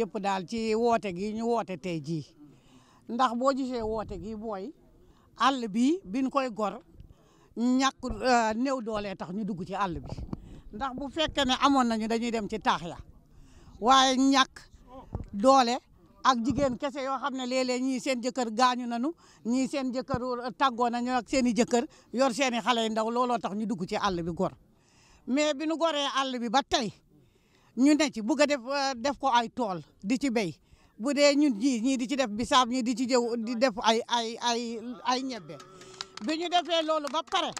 yëpp daal ci woote gi ñu woote tey jii ndax boo gisee woote gi booy àll bi biñ koy gor ñàkk euh, néew doole tax ñu dugg ci àll bi ndax bu fekkee ne amoon nañu dañuy dem ci taax ya waaye ñàkk doole ak jigéen kese yoo xam ne léeg-léeg ñii seen jëkkër gaañu nañu ñii seen jëkkër euh, tàggoo nañu ak seen i jëkkër yor seen i xale yu ndaw looloo tax ñu dugg ci àll bi gor mais bi nu goree bi ba tey ñu ne ci bugg a def euh, def ko ay tool di ci béy bu dee ñun ñii ñii di ci def bisaab ñii di ci jëw di def ay ay ay ay ñebbe bi ñu defee loolu ba kare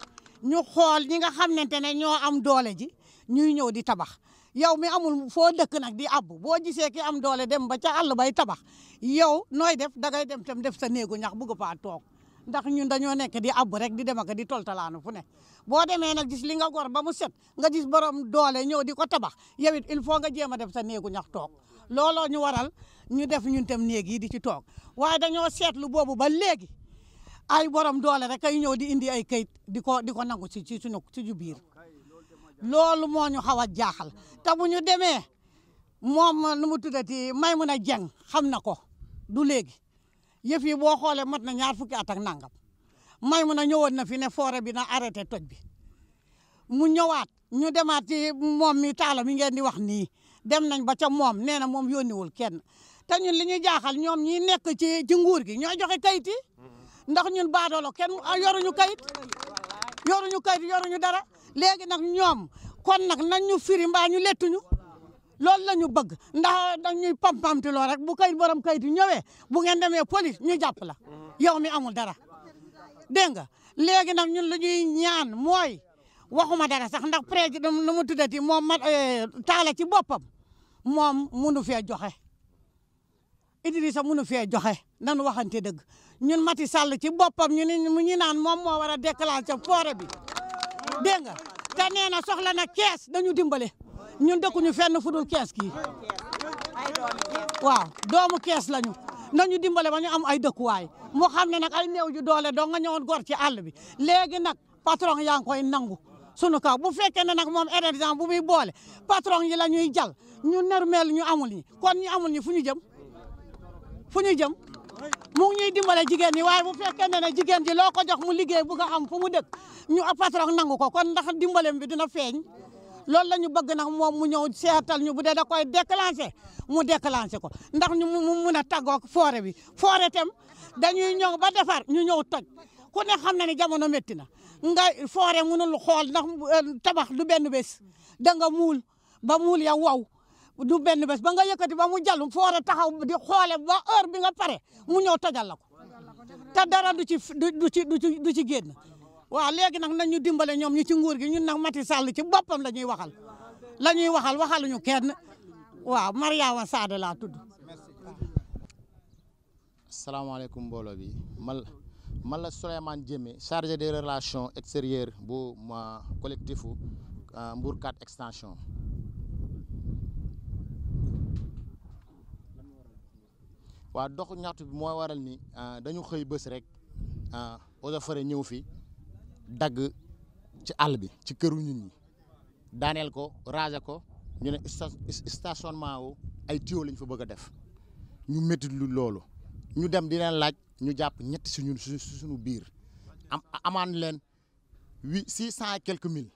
ñu xool ñi nga xamante ne ñoo am doole ji ñuy ñëw di tabax yow mi amul foo dëkk nag di abbu boo gisee ki am doole dem ba ca àll bay tabax yow nooy def dangay dem tam def sa néegu ñax bugg faa toog ndax ñun dañoo nekk di abbu rek di dem ak di toltalaanu fu ne boo demee nag gis li nga gor ba mu set nga gis borom doole ñëw di ko tabax yow it il faut nga jéem a def sa néegu ñax toog looloo ñu waral ñu def ñun tam néeg yi di ci toog waaye dañoo seetlu boobu ba léegi ay borom doole rek ay ñëw di indi ay kayit di ko di ko nangu ci ci suñu ci ju biir loolu moo ñu xaw a jaaxal te ñu demee moom nu mu tuddati may mun a jeng xam na ko du léegi yëf yi boo xoolee mat na ñaar fukki at ak nangam may mun a ñëwoon na fi ne forêt bi na arrêté toj bi mu ñëwaat ñu demaat ci moom mi taala mi ngeen di wax nii dem nañ ba ca moom nee na moom yónniwul kenn te ñun li ñu jaaxal ñoom ñi nekk ci ci nguur gi ñoo joxe kayit yi ndax ñun baadoolo kenn ah, yoruñu kayit yoruñu kayit yoruñu dara léegi nag ñoom kon nag nañ ñu firi mbaa ñu lettuñu loolu la ñu bëgg ndax dañuy pampamtiloo rek bu kayit borom kayit yi ñëwee bu ngeen demee police ñu jàpp la mm-hmm. yow mi amul dara dégg nga léegi nag ñun lu ñuy ñaan mooy waxuma dara sax ndax président nu mu tuddati moom ma eh, taala ci boppam moom munu fee joxe Idrissa munu fee joxe nanu waxante dëgg ñun Macky Sall ci boppam ñu ni ñu naan moom moo war a déclencher foore bi dégg nga te nee na soxla na kees dañu dimbale ñun dëkkuñu fenn fudul kees gi waaw doomu kees lañu nañu dimbale ba ñu am ay dëkkuwaay moo xam ne nag ay néew ju doole doo nga ñëwoon gor ci àll bi léegi nag patron yaa ngi nangu sunu kaw bu fekkee ne nag moom énergie bu muy boole patron yi la ñuy jal ñu ner mel ñu amul ñi kon ñu amul ñi fu ñu jëm fu ñu jëm mu ngi ñuy dimbale jigéen ñi waaye bu fekkee ne ne jigéen ji loo ko jox mu liggéey bu nga am fu mu dëkk ñu patron nangu ko kon ndax dimbalem bi dina feeñ loolu la ñu bëgg nag moom mu ñëw seetal ñu bu dee da koy déclenché mu déclenché ko ndax ñu mu mun a tàggoog forêt bi forêt tam dañuy ñëw ba defar ñu ñëw toj ku ne xam na ni jamono métti na nga forêt mënul xool ndax euh, tabax du benn bés da nga muul ba muul ya wow du benn bés ba nga yëkkati ba mu jàll forêt taxaw di xoole ba heure bi nga pare mu ñëw tojal la ko te dara du ci du ci du ci du ci génn waaw léegi nag nañu dimbale ñoom ñu ci nguur gi ñun nag Macky Sall ci boppam la ñuy waxal la ñuy waxal waxaluñu kenn waaw Mariama Sada laa tudd. salaamaaleykum mbooloo bi man man la Souleymane Diémé chargé des relations extérieures bu ma collectif euh, Mbour 4 extension. waaw doxu ñaxtu bi moo waral ni euh, dañu xëy bés rek euh, eaux et ñëw fi. dagg ci àll bi ci këru nit ñi daaneel ko raser ko ñu ne stationnement wu ay tuyaux lañ fa bëgg a def ñu métti lu loolu ñu dem di leen laaj ñu jàpp ñetti si ñun su suñu biir am amaan leen huit six cent et quelques mille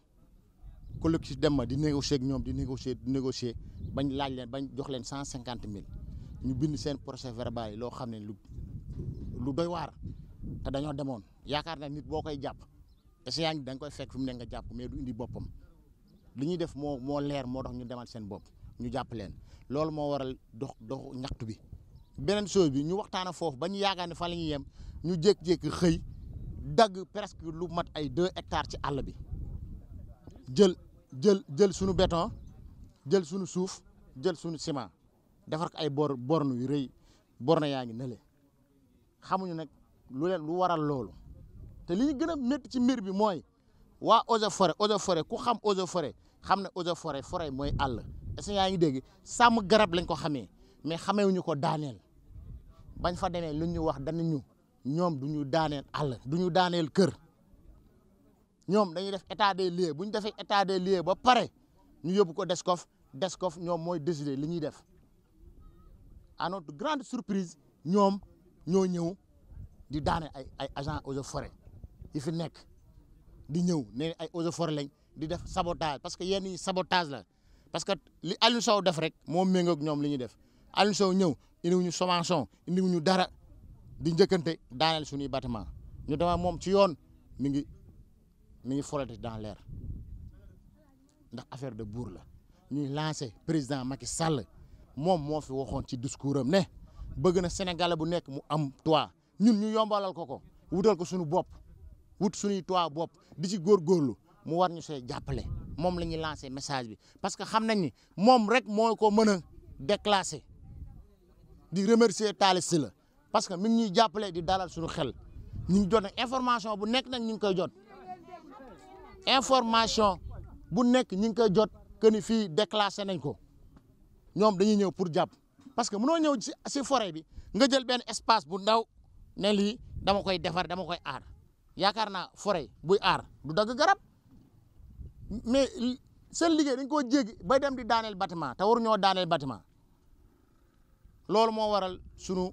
dem ma di négocier ak ñoom di négocier di négocier bañ laaj leen bañ jox leen cent cinquante mille ñu bind seen procès verbal yi loo xam ne lu lu doy waar te dañoo demoon yaakaar na nit boo koy jàpp. océan bi da nga koy fekk fi mu ne nga jàpp mais du indi boppam li ñuy def moo moo leer moo tax ñu demal seen bopp ñu jàpp leen loolu moo waral dox dox ñaxtu bi beneen chose bi ñu waxtaana foofu ba ñu yaakaar ne la ñuy yem ñu jékki-jékki xëy dagg presque lu mat ay deux hectares ci àll bi jël jël jël suñu béton jël suñu suuf jël suñu ciment defar ay bor borne yu rëy yaa ngi nële xamuñu nag lu leen lu waral loolu li ñu gën a métti ci mbir bi mooy waa eaux fore forêt fore et ku xam eaux et forêt xam ne eaux et forêt mooy àll est-ce que yaa ngi dégg sàmm garab lañ ko xamee mais xamewuñu ko daaneel bañ fa demee lu ñu wax danañu ñoom du ñu daaneel àll du ñu daaneel kër ñoom dañuy def état des lieux bu ñu defee état des lieux ba pare ñu yóbbu ko Descof Descof ñoom mooy décider li ñuy def à notre grande surprise ñoom ñoo ñëw di daane ay ay agents eaux et yi fi nekk di ñëw ne ay eaux for forêt di def sabotage parce que yenn yi sabotage la parce que li Aliou Sow def rek moo méngoog ñoom li ñuy def Aliou Sow ñëw ñu indiwuñu sommation ñu dara di njëkkante daaneel suñuy bâtiment ñu dama moom ci yoon mi ngi mi ngi folate dans leer ndax affaire de buur la ñuy lancé président Macky Sall moom moo fi waxoon ci discours am ne bëgg na Sénégal bu nekk mu am toit ñun ñu yombalal ko ko wutal ko suñu bopp wut suñuy toit bopp di ci góorgóorlu mu war ñu see jàppale moom la ñuy lancé message bi parce que xam nañ ni moom rek moo ko mën a déclassé di remercier Talla Sylla la parce que mi ngi ñuy jàppale di dalal suñu xel ñu ngi jot nag information bu nekk nag ñu ngi koy jot information bu nekk ñu ngi koy jot que ni fii déclassé nañ ko ñoom dañuy ñëw pour jàpp parce que noo ñëw ci si forêt bi nga jël benn espace bu ndaw ne lii dama koy defar dama koy aar. yaakaar naa forêt buy aar du dagg garab mais seen liggéey dañ koo jéggi bay dem di daaneel bâtiment te ñoo daaneel bâtiment loolu moo waral sunu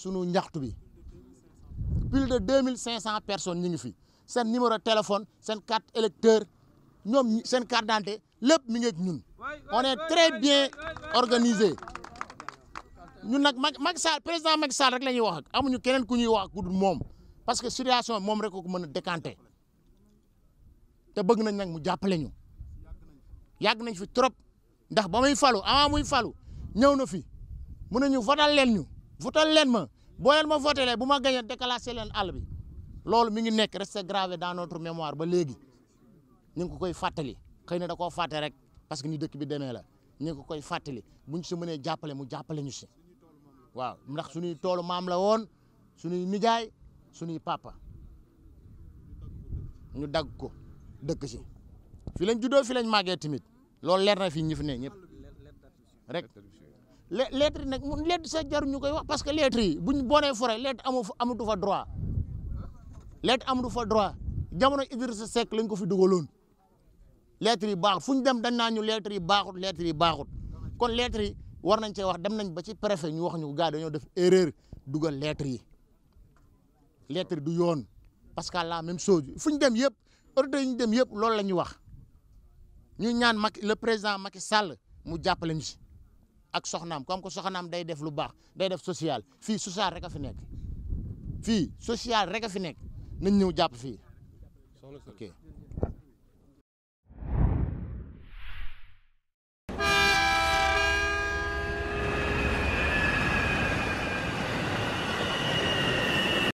sunu njaxtu bi plus de deux mille cinq cent personnes ñu ngi fi seen numéro téléphone sen carte électeur ñoom seen carte d'identité lépp mi ngi ak ñun on est bien organisé ñun nag Macky Sall président mag Sall rek la ñuy wax ak amuñu keneen ku ñuy wax ak ku dul moom parce que situation moom rek ko mën a décanter te bëgg nañ nag mu jàppale ñu yàgg nañ fi trop ndax ba muy falu avant muy falu ñëw na fi mun nañu votal leen ñu votal leen ma boo leen ma votelee bu ma gañee déclassé leen àll bi loolu mi ngi nekk resté gravé dans notre mémoire ba léegi ñu ngi ko koy fàttali xëy na da koo fàtte rek parce que ni dëkk bi demee la ñu ngi ko koy fàttali buñ si mënee jàppale mu jàppale ñu si waaw ndax suñuy toolu maam la woon suñuy nijaay sunuy papa ñu dagg ko dëkk si fi lañ juddoo fi lañ màggee tamit loolu leer na fi ñi fi ne ñëpp rek lettre yi nag lettre sa jar ñu koy wax parce que lettre yi buñ bonee forêt lettre amu amatu fa droit lettre amatu fa droit jamono Idrissa Seck lañ ko fi dugaloon lettre yi baaxut fu ñu dem dañ naa ñu lettre yi baaxut leet yi baaxut kon lettre yi war nañ cee wax dem nañ ba ci préfet ñu wax ñu gaa dañoo def erreur dugal lettre yi lettre du yoon Pascal la même chose fu ñu dem yëpp autorité yi ñu dem yëpp loolu la ñu wax ñu ñaan Macky le président Macky Sall mu jàppale ñu si ak soxnaam comme que soxnaam day def lu baax day def social fii social rek a fi nekk fii social rek a fi nekk nañ ñëw jàpp fii ok.